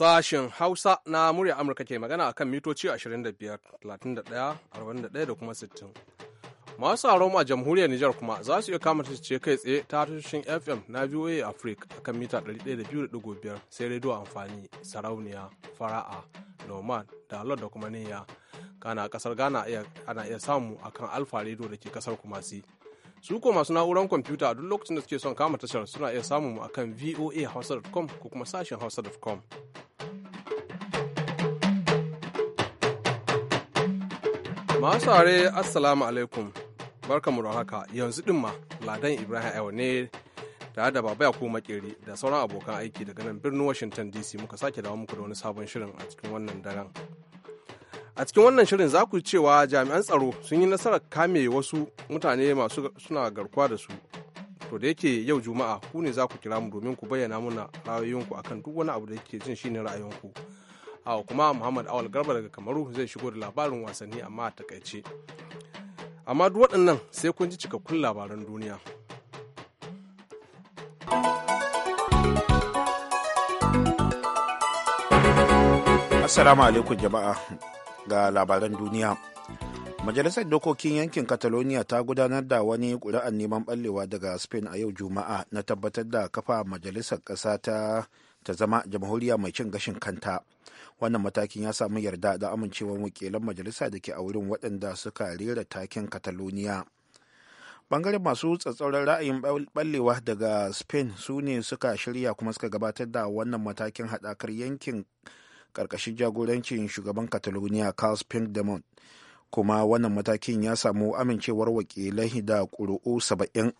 Sashen Hausa na murya Amurka ke magana akan mitoci 25, da kuma 60. Masu sauraron a jamhuriyar Nijar kuma za su iya kama ce kai tsaye ta tashoshin FM na VOA Africa akan mita 102.5 sai rediyo amfani sarauniya fara'a nomad da da kuma niyya kana kasar Ghana ana iya samu akan alfa rediyo da ke kasar Kumasi. su ko masu na'urar kwamfuta a duk lokacin da suke son kama tashar suna iya samun mu akan voahausa.com ko kuma sashen hausa.com masu are assalamu alaikum barkamu da haka yanzu din ma ladan ibrahim ayo ne tare da baba ko makeri da sauran abokan aiki daga nan birnin washington dc muka sake dawo muku da wani sabon shirin a cikin wannan daren a cikin wannan shirin za ku cewa jami'an tsaro sun yi nasarar kame wasu mutane masu suna garkuwa da su to da yake yau juma'a ku ne za ku kira mu domin ku bayyana muna ra'ayoyinku akan duk wani abu da yake jin shi ne ra'ayinku a kuma muhammad awal garba daga kamaru zai shigo da labarin wasanni amma a takaice amma duk waɗannan sai kun ji cikakkun labaran duniya assalamu alaikum jama'a ga labaran duniya majalisar dokokin yankin catalonia ta gudanar da wani ƙuri'ar neman ɓallewa daga spain a yau juma'a na tabbatar da kafa majalisar ƙasa ta ta zama jamhuriya mai cin gashin kanta wannan matakin ya samu yarda da amincewar wakilan majalisa da ke a wurin waɗanda suka rera takin catalonia bangaren masu tsatsauran ra'ayin ballewa daga spain su ne suka shirya kuma suka gabatar da wannan matakin haɗakar yankin ƙarƙashin jagorancin shugaban catalonia carles puigdemont kuma wannan matakin ya samu amincewar wakilai da ƙuri'u saba'in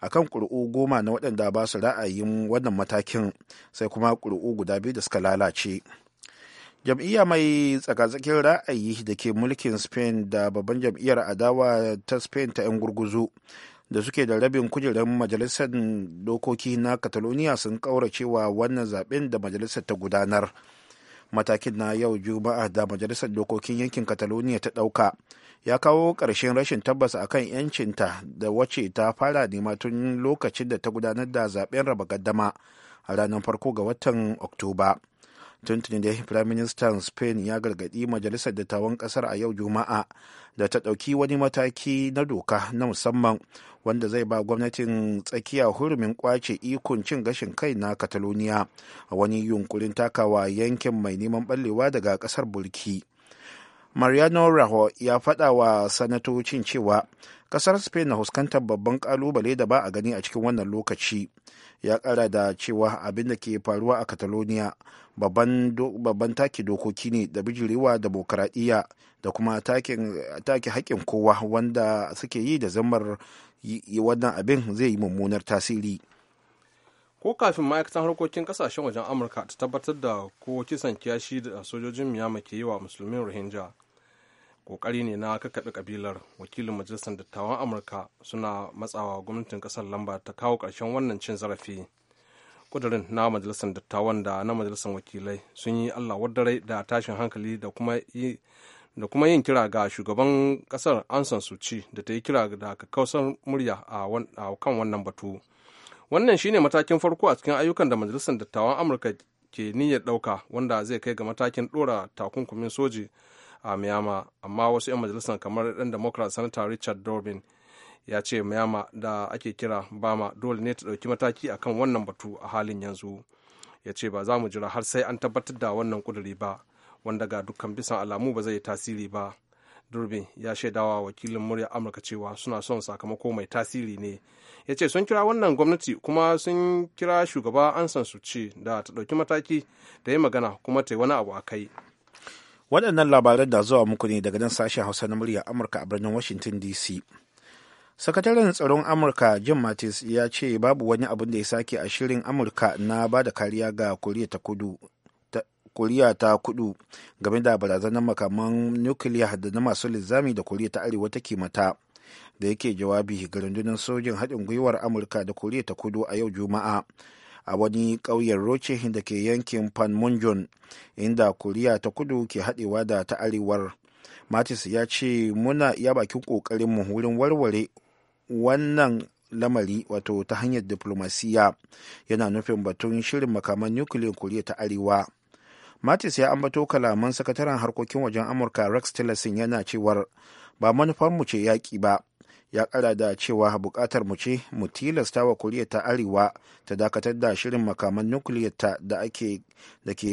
akan kan ƙuri'u goma na waɗanda ba su ra'ayin wannan matakin sai kuma kuri'u guda biyu da suka lalace jam'iyya mai tsakatsakin ra'ayi da ke mulkin spain da babban jam'iyyar adawa ta spain ta 'yan gurguzu da suke da rabin kujerar majalisar dokoki na catalonia sun cewa wannan zaben da majalisar ta gudanar matakin na yau juma'a da majalisar dokokin yankin catalonia ta ɗauka ya kawo ƙarshen rashin tabbas akan yancinta da wacce ta fara nema tun lokacin da ta gudanar da zaben raba gaddama a ranar farko ga watan oktoba tuntuni da firaministan spain ya gargadi majalisar dattawan kasar a yau juma'a da ta ɗauki wani mataki na doka na musamman wanda zai ba gwamnatin tsakiya hurumin kwace ikon cin gashin kai na catalonia a wani yunkurin takawa yankin mai neman ɓallewa daga ƙasar bulki mariano raho ya faɗa wa sanatocin cewa ƙasar spain na fuskantar babban ƙalubale da ba a gani a cikin wannan lokaci ya kara da cewa abin da ke faruwa a catalonia babban take dokoki ne da bijirewa bokaradiyya da kuma take haƙƙin kowa wanda suke yi da zamar wannan abin zai yi mummunar tasiri ko kafin ma'aikatan harkokin kasashen wajen amurka ta tabbatar da ko kisan kiyashi da sojojin miyama ke yi wa musulmin rohingya kokari ne na kakkaɓe kabilar wakilin majalisar dattawan amurka suna matsawa gwamnatin kasar lamba ta kawo ƙarshen wannan cin zarafi Kudurin na majalisar dattawan da na majalisar wakilai sun yi allah wadarai da tashin hankali da kuma yin kira ga shugaban kasar ansan suci da ta yi kira da kakkausar murya a kan wannan batu wannan shine matakin farko a cikin ayyukan da majalisar dattawan amurka ke niyyar ɗauka wanda zai kai ga matakin ɗora takunkumin soji a miyama amma wasu 'yan majalisar kamar ɗan democrat senator richard dorbin ya ce miyama da ake kira bama dole ne ta ɗauki mataki a kan wannan batu a halin yanzu ya ce ba za mu jira har sai an tabbatar da wannan kuduri ba wanda ga dukkan bisan alamu ba zai yi tasiri ba durbin ya shaidawa wakilin murya amurka cewa suna son sakamako mai tasiri ne ya ce sun kira wannan gwamnati kuma sun kira shugaba an san su ce da ta ɗauki mataki da yi magana kuma ta yi wani abu a kai waɗannan labaran da zuwa muku ne daga nan sashen hausa na murya amurka a birnin washington dc sakataren tsaron amurka jim mattis ya ce babu wani abin da ya sake a shirin amurka na ba da kariya ga koriya ta kudu game da barazanar makaman nukiliya da na masu linzami da koriya ta arewa take mata da yake jawabi ga rundunar sojin haɗin gwiwar amurka da koriya ta kudu a yau juma'a a wani ƙauyen roce da ke yankin panmunjom inda koriya ta kudu ke haɗewa da ta arewar matis ya ce muna iya bakin mu wurin warware wannan lamari wato ta hanyar diplomasiya yana nufin batun shirin makaman nukiliyar koriya ta arewa matis ya ambato kalaman sakataren harkokin wajen amurka rex tillerson yana cewar ba manufarmu ce yaƙi ba ya kara da cewa bukatar mu ce mu tilasta wa koriya ta arewa ta dakatar da shirin makaman nukiliyar ta da ke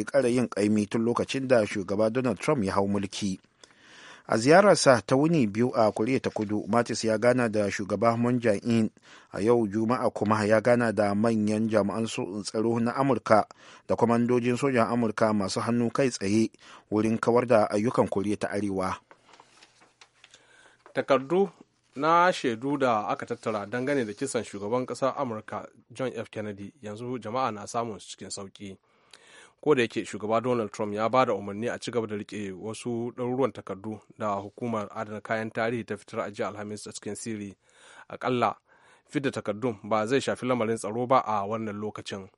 kara yin kaimi tun lokacin da shugaba donald trump ya hau mulki a ziyararsa ta wuni biyu a koriya ta kudu matis ya gana da shugaba moon a yau juma'a kuma ya gana da manyan jami'an tsaro na amurka da kwamandojin sojan amurka masu hannu kai tsaye wurin kawar da ayyukan koriya ta arewa takardu na shaidu da aka tattara dangane da kisan shugaban ƙasar amurka john f kennedy yanzu jama'a na samun cikin sauki ko da yake shugaba donald trump ya ba da umarni a ci gaba da rike wasu ɗaruruwan takardu da hukumar adana kayan tarihi ta fitar a jiya alhamis a cikin siri akalla fidda takardun ba zai shafi lamarin tsaro ba a wannan lokacin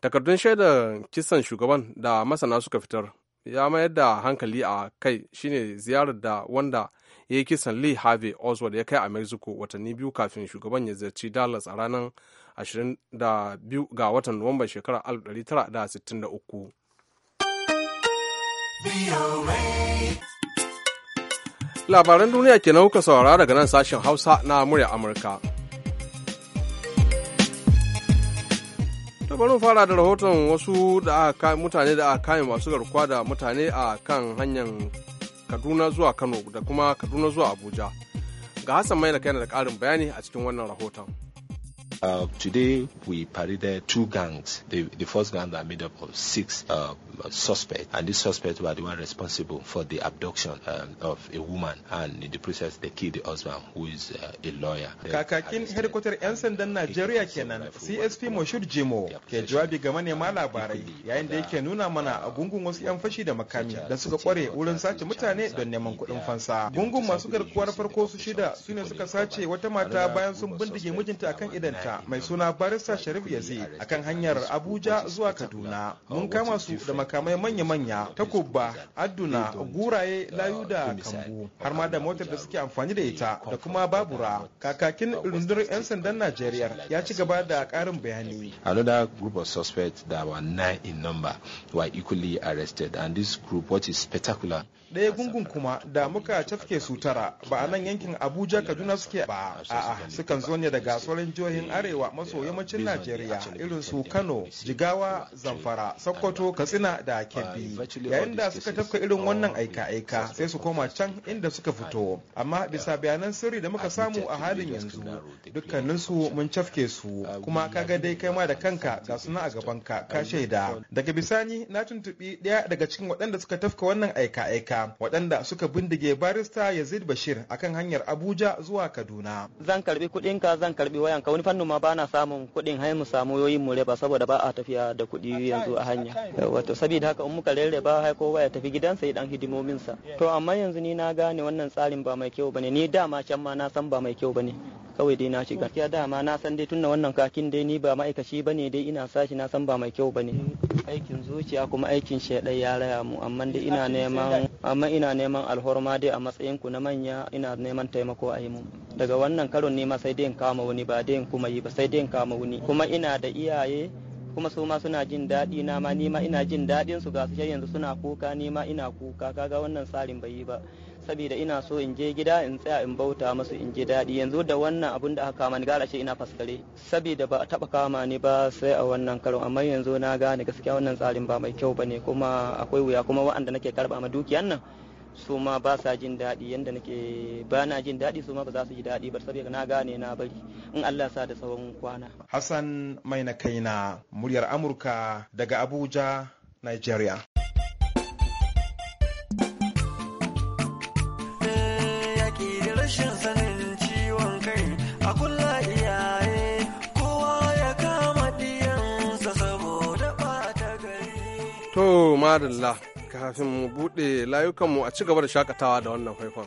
takardun shaidar kisan shugaban da masana suka fitar ya mayar da hankali a kai shine ziyarar da wanda ya yi kisan lee harvey oswald ya kai a mexico watanni biyu kafin shugaban ya ziyarci dallas a ranar 22 ga watan nuwamban shekarar 1963 labaran duniya ke nauka saurara daga nan sashen hausa na murya amurka bari fara da rahoton wasu da mutane da aka kame masu garkuwa da mutane a kan hanyar Kaduna zuwa Kano da kuma Kaduna zuwa Abuja. Ga Hassan Maila yana da ƙarin bayani a cikin wannan rahoton. Uh, today, we paraded two gangs. The, the first gang that made up of six uh, suspects, and these suspects were the one responsible for the abduction um, of a woman, and in the process, they killed the husband, who is uh, a lawyer. Kakakin hedikwatar 'yan sandan Najeriya kenan, CSP Moshud Jimo, ke jawabi ga manema labarai yayin da yake nuna mana a gungun wasu 'yan fashi da makami da suka kware wurin sace mutane don neman kuɗin fansa. Gungun masu garkuwar farko su shida su ne suka sace wata mata bayan sun bindige mijinta akan idanta. mai suna barista sharif yazi akan hanyar abuja zuwa kaduna mun kama su da makamai manya-manya ta kubba adduna guraye layu da kambu har ma da motar da suke amfani da ita da kuma babura kakakin rundunar 'yan sandan najeriya ya ci gaba da karin bayani another group of suspects that were nine in number were equally arrested and this group what is spectacular daya gungun kuma da muka cafke su tara ba a nan yankin abuja kaduna suke ba a'a sukan zo ne daga sauran jihohin arewa maso yammacin najeriya irin su kano jigawa zamfara sokoto katsina da uh, kebbi yayin da suka tafka irin wannan aika-aika sai su koma can inda suka fito uh, amma bisa bayanan sirri da muka samu a halin yanzu dukkaninsu mun cafke su uh, kuma kaga dai kai ma da kanka ga suna a gabanka ka shaida daga bisani na tuntuɓi ɗaya daga cikin waɗanda suka tafka wannan aika-aika waɗanda suka bindige barista yazid bashir akan hanyar abuja zuwa kaduna zan karbi kuɗinka zan karbi wayanka wani fannin nono ma bana samun kuɗin hai mu samu yoyin mu reba saboda ba a tafiya da kuɗi yanzu a hanya wato saboda haka in muka rarraba hai kowa ya tafi gidansa ya dan hidimomin sa to amma yanzu ni na gane wannan tsarin ba mai kyau bane ni dama can ma na san ba mai kyau bane kawai dai na shiga gaskiya dama na san dai tunna wannan kakin dai ni ba ma'aikaci bane dai ina sashi na san ba mai kyau bane aikin zuciya kuma aikin shaidai ya raya mu amma dai ina neman amma ina neman alhorma dai a matsayin ku na manya ina neman taimako a yi mu daga wannan karon ne ma sai dai in kama wani ba dai in kuma yi ba sai dai in kama wani kuma ina da iyaye kuma su ma suna jin daɗi na ma ni ma ina jin daɗin su ga su yanzu suna kuka ni ma ina kuka kaga wannan tsarin bai yi ba saboda ina so in je gida in tsaya in bauta masu in ji daɗi yanzu da wannan abun da aka kama ni gara shi ina faskare saboda ba a taɓa kama ni ba sai a wannan karon amma yanzu na gane gaskiya wannan tsarin ba mai kyau ba kuma akwai wuya kuma wa'anda nake karɓa ma dukiyan nan su ma ba sa jin daɗi na nake ba na jin daɗi su ma ba za su ji daɗi ba saboda na gane na bari in Allah sa da tsawon kwana. Hassan mai na kaina muryar Amurka daga Abuja, Nigeria. To, madalla. kafin mu buɗe layukanmu a ci gaba da shakatawa da wannan faifan.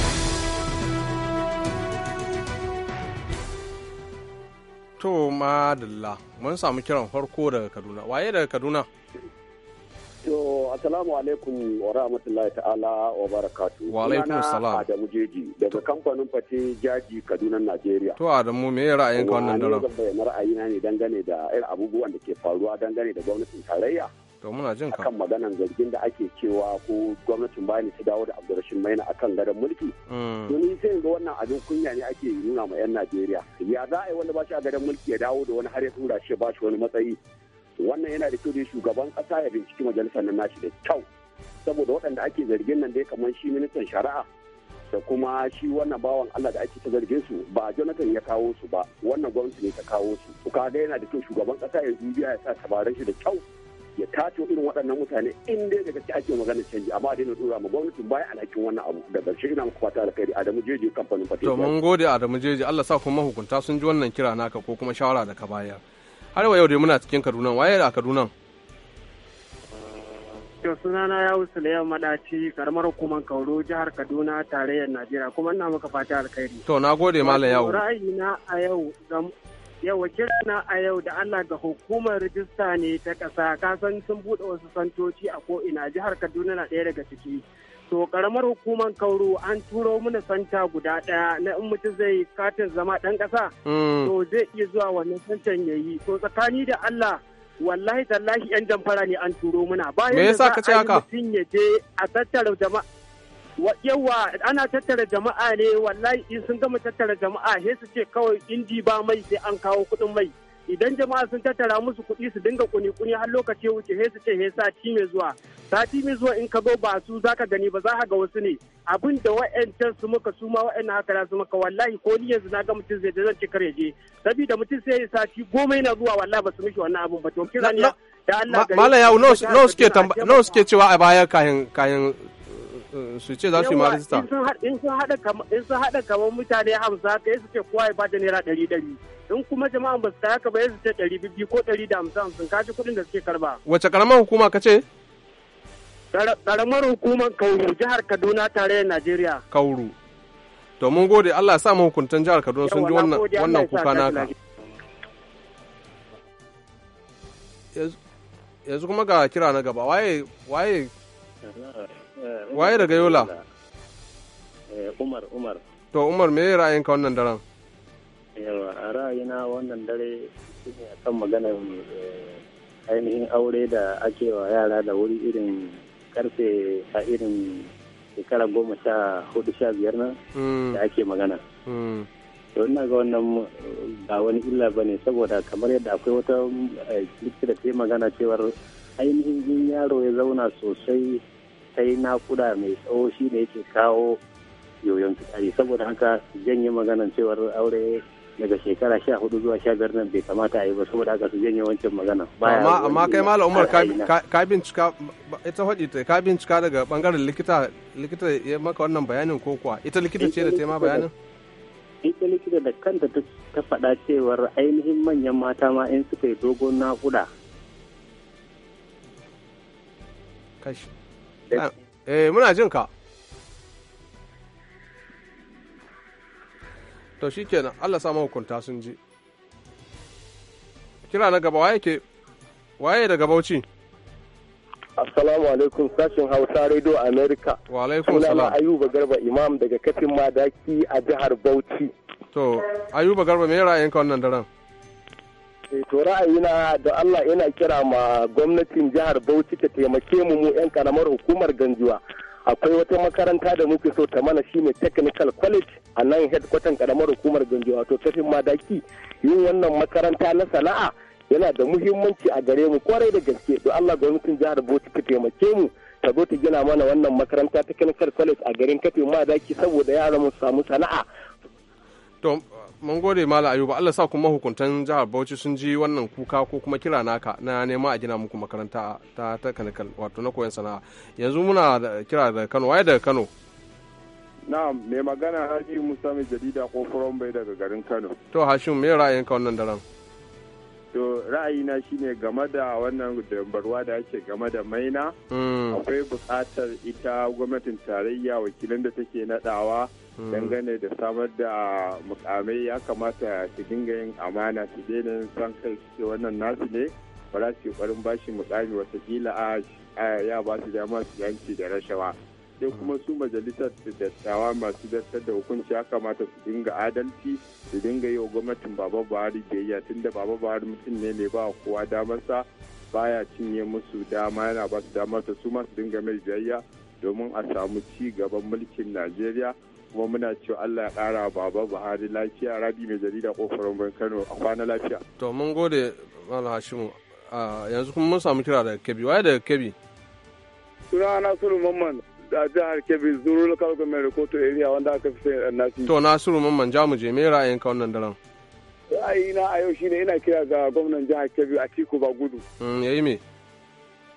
To madalla mun samu kiran farko daga Kaduna. Waye daga Kaduna? To assalamu alaikum wa rahmatullahi ta'ala wa barakatu. Wa alaikum assalam da Jeji daga kamfanin fati Jaji Kaduna Najeriya. To Adamu me ra'ayin ka wannan daren? zan ra'ayina ne dangane da irin abubuwan da ke faruwa dangane da gwamnatin tarayya. to muna jin ka maganan zargin da ake cewa ko gwamnatin bayan ta dawo da Abdulrashid Maina akan gadon mulki mm. to ni sai ga wannan abin kunya ne ake nuna ma yan Najeriya ya za a yi wanda ba a gadon mulki ya dawo da wani har ya tura shi ba shi wani matsayi wannan yana da kyau da shugaban kasa ya binciki majalisar nan nashi da kyau saboda waɗanda ake zargin nan dai kamar shi ministan shari'a da kuma shi wannan bawan Allah da ake ta zargin su ba Jonathan ya kawo su ba wannan gwamnati ne ta kawo su to ga yana da kyau shugaban kasa ya dubiya ya sa tabaran shi da kyau ya tato irin waɗannan mutane in dai da gaske ake magana canji amma a daina dora ma gwamnatin baya alhakin wannan abu da ƙarshe ina muku fata alkhairi Adamu Jeje kamfanin Fatiha. To mun gode Adamu Jeje Allah sa kuma mahukunta sun ji wannan kira naka ko kuma shawara da ka bayar. Har yau dai muna cikin Kaduna waye a Kaduna? To na ya wusu maɗaci karamar hukumar Kauro jihar Kaduna tarayyar Najeriya kuma ina maka fata alkhairi. To na gode Malam Yawu. na a yau Yawa kirana a yau da Allah ga hukumar rijista ne ta ƙasa kasan sun buɗe wasu santoci a ko'ina jihar Kaduna na ɗaya daga ciki. To karamar hukumar kauro an turo mana santa guda ɗaya na in mutum zai katin zama ɗan ƙasa. Mm. To zai iya zuwa wannan santan ya yi. To tsakani da Allah wallahi tallahi 'yan jamfara ne an turo muna. Bayan da za a yi mutum ya je a tattara jama'a. yawa ana tattara jama'a ne wallahi in sun gama tattara jama'a sai su ce kawai indi ba mai sai an kawo kuɗin mai idan jama'a sun tattara musu kuɗi su dinga kuni-kuni har lokaci wuce sai su ce sai sati mai zuwa sati mai zuwa in ka zo ba su zaka gani ba za ka ga wasu ne abin da wa'ancan su muka su ma wa'annan haka da su muka wallahi ko ni yanzu na ga mutum zai da zan ci kare je saboda mutum sai ya sati goma yana zuwa wallahi ba su mishi wannan abin ba to kira ne da Allah no no yawo no suke cewa a baya kayan kayan su ce za su yi ma in sun haɗa kamar mutane hamsin haka su ce kowa ya bada naira ɗari ɗari in kuma jama'an ba su ta haka ba su ce ɗari biyu ko ɗari da hamsin hamsin kaji kuɗin da suke karba wace ƙaramar hukuma ka ce ƙaramar hukumar kauru jihar kaduna tare da najeriya kauru to mun gode allah sa hukuntan jihar kaduna sun ji wannan kuka naka yanzu kuma ga kira na gaba waye waye Eh, waye daga yola eh, umar umar to umar me ra'ayinka wannan daren yawa a ra'ayina wannan dare shine kan maganar eh, ainihin aure da ake wa yara da wuri irin karfe a irin shekara goma sha hudu sha biyar nan hmm. da ake magana hmm. to ina ga wannan ba wani illa ba ne saboda kamar yadda akwai wata likita da ta yi magana cewar ainihin yaro ya zauna sosai sai nakuda mai tsawo shi ne yake kawo yoyon fitsari saboda haka janye maganan cewar aure daga shekara sha hudu zuwa sha biyar nan bai kamata a yi ba saboda haka su janye wancan magana. amma amma kai malam umar ka bincika ita faɗi ta ka bincika daga bangaren likita likita ya maka wannan bayanin ko kuwa ita likita ce da ta ma bayanin. ita likita da kanta ta faɗa cewar ainihin manyan mata ma in suka yi dogon na kashi Eh, eh muna jin ka to nan, Allah sa hukunta sun ji kira na gaba waye ke waye daga Bauchi Assalamu alaikum sashen Hausa Radio America. Wa alaikum salam. Ayuba Garba Imam daga Katin Madaki a jihar Bauchi. To, Ayuba Garba me ra'ayinka wannan daren? Eh, to ra'ayina da Allah yana kira ma gwamnatin jihar Bauchi ta taimake mu mu 'yan karamar hukumar Ganjuwa. Akwai wata makaranta da muke so ta mana shine Technical College a nan headquarter karamar hukumar Ganjuwa to tafin madaki yin wannan makaranta na sana'a yana da muhimmanci a gare mu kwarai da gaske don Allah gwamnatin jihar Bauchi ta taimake mu ta zo ta gina mana wannan makaranta Technical College a garin Kafin Madaki saboda yaran mu samu sana'a. To mun gode mala ayuba Allah sa kuma hukuntan jihar Bauchi sun ji wannan kuka ko kuma kira naka na nema a gina muku makaranta ta takanikal wato na koyon sana'a yanzu muna da kira daga Kano waye daga Kano na'am mai magana Haji Musa mai jarida ko bai daga garin Kano to Hashim me ka wannan daren to ra'ayina shine game da wannan barwa da ake game da maina mm. akwai buƙatar ita gwamnatin tarayya wakilin da take nadawa Hmm. dangane da samar da mukamai ya kamata su dinga yin amana su daina yin san kai ce wannan nasu ne ba za su yi ƙwarin bashi mukami watakila a ya ba su dama su yanki da rashawa sai hmm. kuma su majalisar dattawa masu dattar da hukunci ya kamata su dinga adalci su dinga yi wa gwamnatin baba buhari biyayya tunda baba buhari mutum ne ne ba kowa damar damarsa baya cinye musu dama yana ba su damarsa su masu dinga mai biyayya domin a samu ci gaban mulkin najeriya kuma muna cewa Allah ya ƙara baba Buhari lafiya rabi mai jarida kofar ban Kano a kwana lafiya. To mun gode Malam Hashimu yanzu kuma mun samu kira daga Kebbi waye daga Kebbi. Suna Nasiru Mamman a jihar Kebbi Zuru Local Government Rikoto area wanda aka fi sai Nasiru. To Nasiru Mamman ja mu je me ka wannan daren. Ra'ayina a yau shine ina kira ga gwamnan jihar Kebbi a gudu. Mm Yayi me?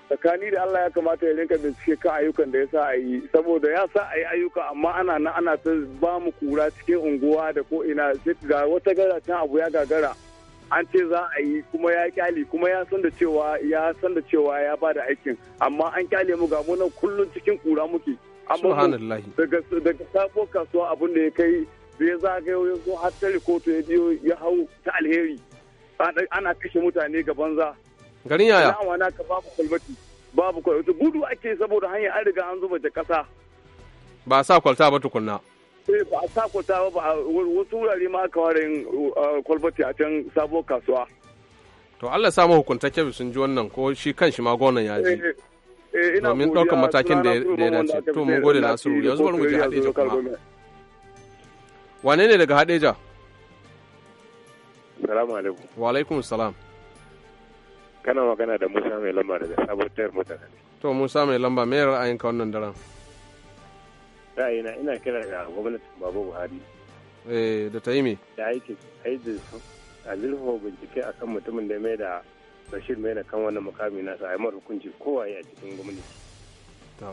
tsakani da Allah ya kamata ya rinka bincike kan ayyukan da ya sa a yi saboda ya sa a yi ayyuka amma ana nan ana ta ba mu kura cikin unguwa da ko ina ga wata gara can abu ya gagara an ce za a yi kuma ya kyale kuma ya san da cewa ya san da cewa ya da aikin amma an kyale mu ga mu nan kullun cikin kura muke subhanallahi daga daga sabo kasuwa abin da ya kai sai ya zagayo yanzu zo har ta rikoto ya biyo ya hau ta alheri ana kashe mutane gaban za. garin yaya na wana ka babu kwalbati babu kwalbati gudu ake saboda hanyar an riga an zuba da kasa ba a sa kwalta ba tukunna eh ba a sa kwalta ba wasu wurare ma aka ware yin uh, kwalbati a can sabo kasuwa to Allah sa hukunta kebe sun ji wannan ko shi kan shi magonan ya ji eh, eh, eh, domin ɗaukar matakin da ya dace to mun gode na su yanzu bari mu je hadeja kuma wane ne daga hadeja salamu alaikum wa alaikum salam kana magana da musa mai lamba da sabuwar mutane to musa mai lamba me ka wannan daren da ina kira ga gwamnati babu buhari eh da ta yi me da aiki aiki a zurfa bincike akan mutumin da mai da bashir mai na kan wannan mukami nasa a yi mara hukunci kowaye a cikin gwamnati to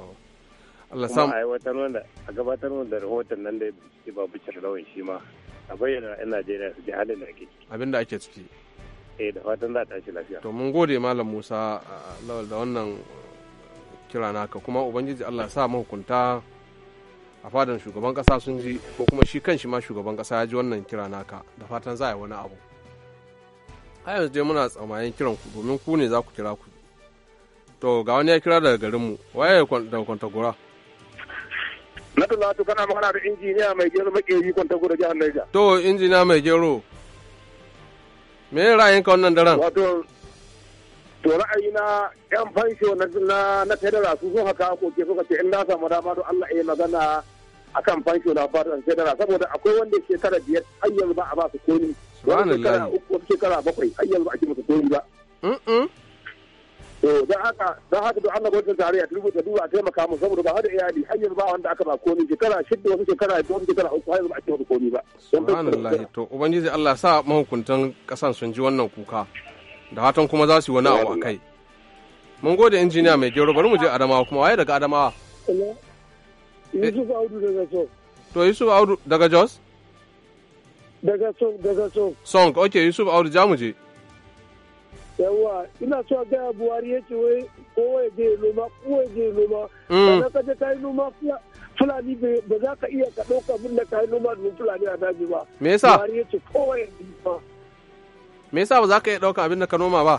Allah sam a aiwatar wanda a gabatar wanda rahoton nan da ya bincike babu cirlawan shi ma a bayyana 'yan Najeriya su ji halin da ake ciki abinda ake ciki eh da fatan za ta tashi lafiya to mun gode malam Musa lawal da wannan kira naka kuma ubangiji Allah ya sa mahukunta a fadan shugaban kasa sun ji ko kuma shi kan shi ma shugaban kasa ya ji wannan kira naka da fatan za a yi wani abu a yanzu dai muna tsamayen kiran ku domin ku ne za ku kira ku to ga wani ya kira daga garinmu waye kwanta gura na tulatu kana magana da injiniya mai gero makeri gura jihar Niger to injiniya mai gero me ka wannan daren wato to ra'ayi na yan fansho na na federa su sun haka ko ke suka ce in na samu dama don Allah ya magana akan fansho na fatan federa saboda akwai wanda kara biyar har yanzu ba a ba su komi wani shekara uku kara bakwai har yanzu ba a ci musu komi ba to eh, don haka don haka don Allah gwamnatin tarayya ta rubuta duba a taimaka mu saboda ba hada iyali har yanzu ba wanda aka ba komai shekara shidda wasu shekara biyar wasu shekara uku har yanzu ba a ce wani komai ba subhanallahi to ubangiji Allah sa mahukuntan kasan sun ji wannan kuka da hatan kuma za su yi wani abu a kai mun gode injiniya mai gero bari mu je adamawa kuma waye daga adamawa yusuf audu daga jos to yusuf audu daga jos daga song daga song song okay yusuf audu ja mu je yawa ina so a gaya buhari ya ce wai kowa ya je noma kowa ya je noma sannan mm. ka je ka yi noma fulani ba za ka iya ka ɗauka abin da ka yi noma domin fulani a daji ba me yasa buhari ya ce kowa ya je noma me yasa ba za ka iya ɗauka abin da ka noma ba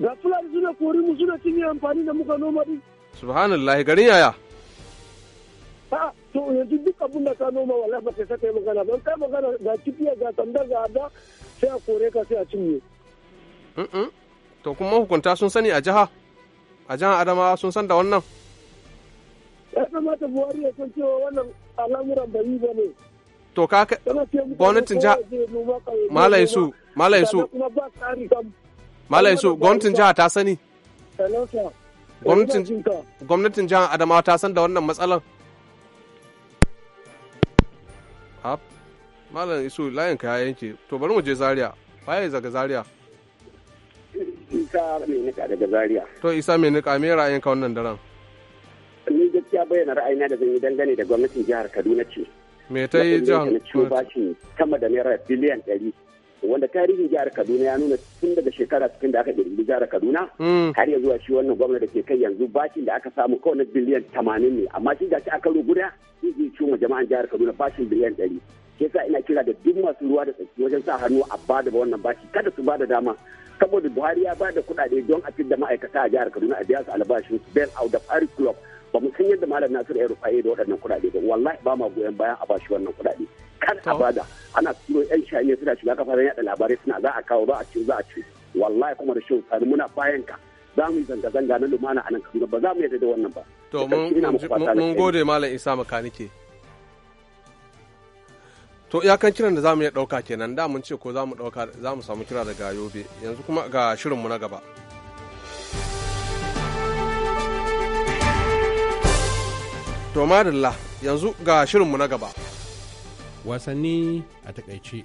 ga fulani suna kori mu suna cinye amfani da muka noma din subhanallah garin yaya a to yanzu duk abin da ka noma wallahi ba kai yi magana ban kai magana ga kifiya ga tambar ga ada sai a kore ka sai a cinye to kuma mahukunta sun sani a jiha a jihar adamawa sun san da wannan ya kamata buhari ya san cewa wannan al'amuran ba yi ba ne to ka gwamnatin jiha malai su malai su malai su gwamnatin jiha ta sani eh, gwamnatin jiha adamawa ta san da wannan matsalan malam isu layin ka yanke to bari mu je zaria waye zaga zaria isa mai nika daga zaria to isa mai nika me ka wannan daren ni gaskiya bayyana ra'ayina da zan yi dangane da gwamnatin jihar kaduna ce me ta yi jihar kaduna ce sama da naira biliyan ɗari wanda tarihin jihar kaduna ya nuna tun daga shekara cikin da aka ƙirƙiri jihar kaduna hmm. har ya zuwa shi wannan gwamna da ke kai yanzu bashin da aka samu kawai na biliyan tamanin ne amma shi da aka guda shi zai ciwo jama'an jihar kaduna bashin biliyan ɗari shi sa ina kira da duk masu ruwa da tsaki wajen sa hannu a bada da wannan bashi kada su bada dama saboda buhari ya ba da kuɗaɗe don a fidda ma'aikata a jihar kaduna a biya su albashin su bel out da fari club ba mu san yadda malam nasiru ya rufaye da waɗannan kudade ba wallahi ba ma goyon bayan a shi wannan kuɗaɗe kan a bada ana turo yan shaye suna shiga kafafen yaɗa labarai suna za a kawo za a ci za a ci wallahi kuma da shan sani muna bayan ka za mu yi zanga-zanga na lumana a nan kaduna ba za mu yadda da wannan ba. to mun gode malam isa makanike. to iyakan kiran da zamu iya ɗauka kenan da mun ce ko zamu ɗauka za mu samu kira daga yobe yanzu kuma ga shirin mu na gaba to madalla yanzu ga shirin mu na gaba wasanni a takaice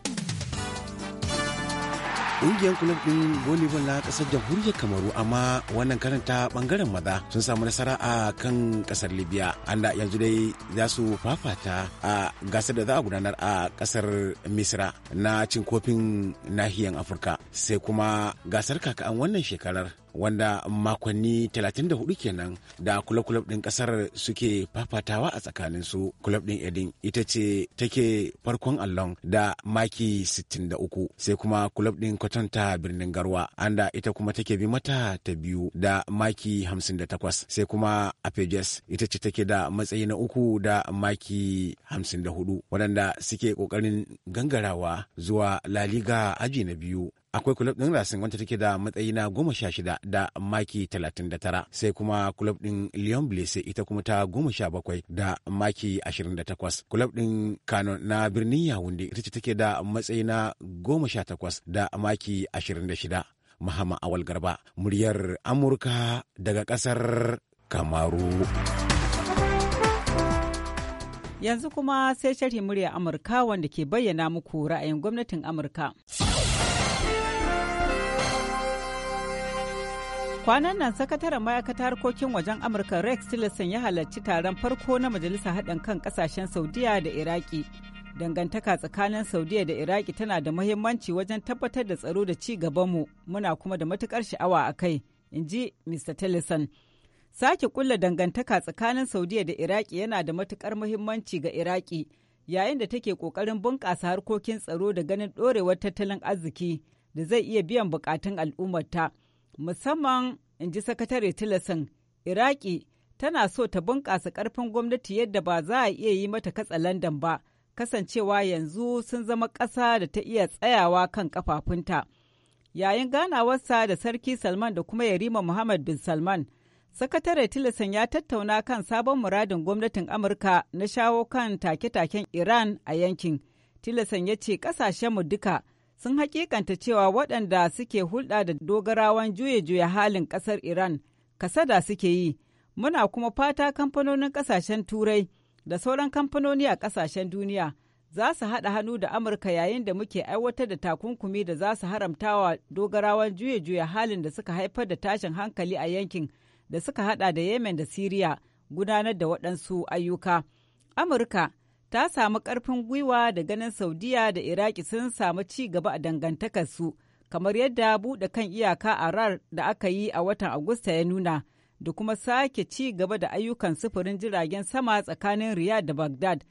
Ƙungiyar kula ɗin volleyball na ƙasar jamhuriyar Kamaru amma wannan karanta ɓangaren maza sun samu nasara a kan ƙasar Libya. Anda yanzu dai za su fafata a gasar da za a gudanar a ƙasar Misra na cin kofin nahiyar Afirka. Sai kuma gasar an wannan shekarar wanda makonni 34 kenan da kulakulab din ɗin ƙasar suke fafatawa a tsakanin su kulab ɗin edin ita ce take farkon allon da maki 63 sai kuma kulab ɗin kwatanta birnin garwa anda ita kuma take bi mata ta biyu da maki 58 sai kuma apejes ita ce take da matsayi na uku da maki 54 waɗanda suke ƙoƙarin gangarawa zuwa laliga aji na biyu akwai kulub ɗin racing wanda take da matsayi na goma sha shida da maki talatin da tara sai kuma kulub ɗin lyon blese ita kuma ta goma sha bakwai da maki ashirin da takwas kulub ɗin kano na birnin yawunde ita ce take da matsayi na goma sha takwas da maki ashirin da shida mahama Awal Garba, muryar Amurka daga ƙasar Kamaru. Yanzu kuma sai sharhi murya Amurka wanda ke bayyana muku ra'ayin gwamnatin Amurka. kwanan nan sakataren ma'aikatar harkokin wajen amurka rex tillerson ya halarci taron farko na majalisar haɗin kan ƙasashen saudiya da iraki dangantaka tsakanin saudiya da iraki tana da muhimmanci wajen tabbatar da tsaro da ci gabanmu muna kuma da matukar sha'awa a kai in ji mr tillerson sake kulla dangantaka tsakanin saudiya da iraki yana da matukar muhimmanci ga iraki yayin da take kokarin bunƙasa harkokin tsaro da ganin ɗorewar tattalin arziki da zai iya biyan bukatun al'ummarta musamman in ji sakatare tilasan iraki tana so ta bunƙasa ƙarfin gwamnati yadda ba za a iya yi mata Landan ba kasancewa yanzu sun zama ƙasa da ta iya tsayawa kan kafafunta yayin ganawarsa da sarki salman da kuma yarima muhammad bin salman sakatare tilasan ya tattauna kan sabon muradin gwamnatin amurka na shawo kan take-taken iran a yankin tilasan ya ce ƙasashenmu duka sun hakikanta cewa waɗanda suke hulɗa da dogarawan juye juya halin ƙasar Iran kasada suke yi, muna kuma fata kamfanonin ƙasashen Turai da sauran kamfanoni a ƙasashen duniya za su haɗa hannu da Amurka yayin da muke aiwatar da takunkumi da za su haramtawa dogarawan juye juya halin da suka haifar da tashin hankali a yankin da suka haɗa da Yemen da Siriya gudanar da waɗansu ayyuka. Amurka ta samu ƙarfin gwiwa da ganin Saudiya da Iraki sun samu ci gaba a dangantakarsu, kamar yadda buɗe kan iyaka a rar da aka yi a watan Agusta ya nuna, da kuma sake ci gaba da ayyukan sufurin jiragen sama tsakanin Riyadh da Baghdad.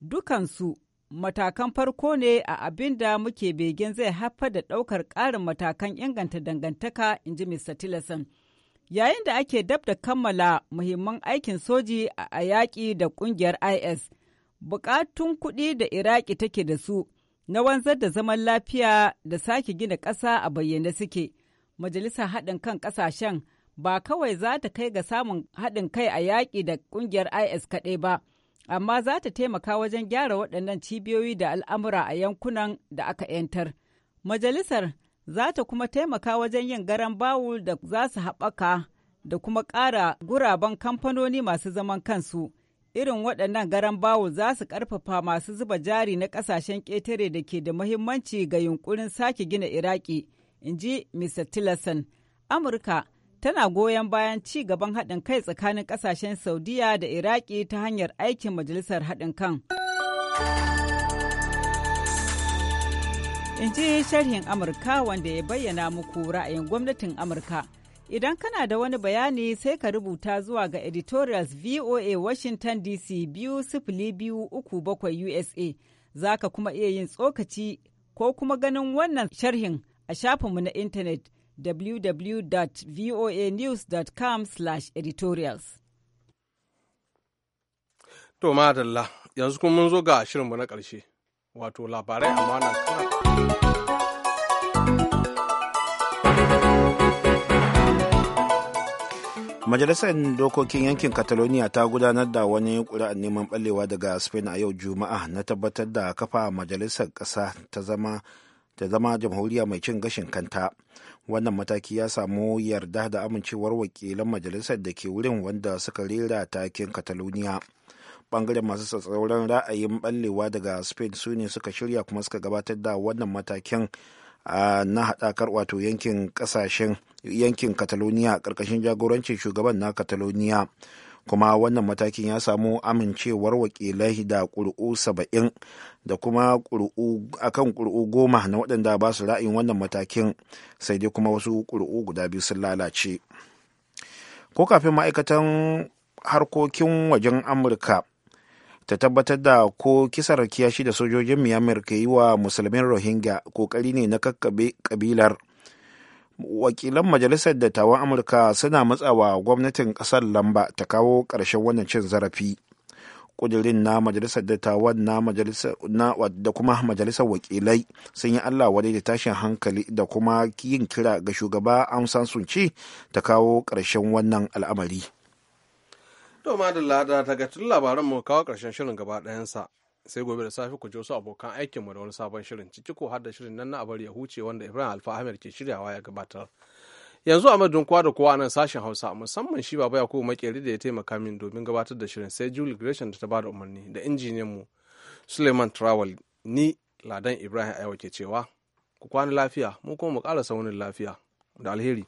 Dukansu matakan farko ne a abin da muke begen zai haifar da ɗaukar ƙarin matakan inganta dangantaka, in ji Mr. Tillerson. Yayin da ake dab da kammala muhimman aikin soji a yaƙi da ƙungiyar IS. bukatun kuɗi da Iraki take da su na wanzar da zaman lafiya da sake gina ƙasa a bayyane suke. Majalisar haɗin kan ƙasashen ba kawai za ta kai ga samun haɗin kai a yaƙi da ƙungiyar IS kaɗai ba, amma za ta taimaka wajen gyara waɗannan cibiyoyi da al'amura a yankunan da aka 'yantar. Majalisar za ta kuma taimaka wajen yin garan bawu da za su haɓaka da kuma ƙara guraben kamfanoni masu zaman kansu. irin waɗannan garan bawo za su ƙarfafa masu zuba jari na ƙasashen ƙetare da ke da muhimmanci ga yunkurin sake gina iraki in ji mr tillerson amurka tana goyon bayan ci gaban haɗin kai tsakanin ƙasashen saudiya da iraki ta hanyar aikin majalisar haɗin kan in ji sharhin amurka wanda ya bayyana muku ra'ayin gwamnatin amurka Idan kana da wani bayani sai ka rubuta zuwa ga editorials VOA Washington DC biyu sifili biyu uku bakwai USA. Za ka kuma iya yin tsokaci ko kuma ganin wannan sharhin a shafinmu na intanet www.voanews.com/editorials. To madalla yanzu kuma mun zo ga shirinmu na ƙarshe wato labarai amana. majalisar dokokin yankin catalonia ta gudanar da wani ƙuri'ar neman ɓallewa daga spain a yau juma'a na tabbatar da kafa majalisar ƙasa ta zama ta zama jamhuriya mai cin gashin kanta wannan mataki ya samu yarda da amincewar wakilan majalisar da ke wurin wanda suka rera takin catalonia bangaren masu tsatsauran ra'ayin ɓallewa daga spain su ne suka shirya kuma suka gabatar da wannan matakin na haɗakar wato yankin ƙasashen yankin catalonia ƙarƙashin jagorancin shugaban na kataloniya kuma wannan matakin ya samu amincewar wakilai da ƙuri'u saba'in da kuma kan ƙuri'u goma na waɗanda ba su ra'ayin wannan matakin sai dai kuma wasu ƙuri'u guda biyu sun lalace ko kafin ma'aikatan harkokin wajen amurka ta tabbatar da ko kisar kiyashi da sojojin myanmar ke yi wa musulmin rohingya kokari ne na kakkabe kabilar wakilan majalisar dattawan amurka suna matsawa gwamnatin kasar lamba ta kawo ƙarshen wannan cin zarafi kudirin na majalisar dattawan na da kuma majalisar wakilai sun yi allah wadai da tashin hankali da kuma yin kira ga shugaba amsan sunci ta kawo ƙarshen wannan al'amari To madalla da daga tun labaran mu kawo karshen shirin gaba ɗayansa sai gobe da safe ku je wasu abokan mu da wani sabon shirin ciki ko har da shirin nan na abar ya huce wanda Ibrahim Alfa Ahmed ke shiryawa ya gabatar. yanzu a madun kowa da kowa nan sashen hausa musamman shi baba yakubu makeri da ya taimaka min domin gabatar da shirin sai julie gresham da ta bada umarni da injiniyan mu suleiman trawal ni ladan ibrahim ayawa ke cewa ku kwana lafiya mu kuma mu ƙara saunin lafiya da alheri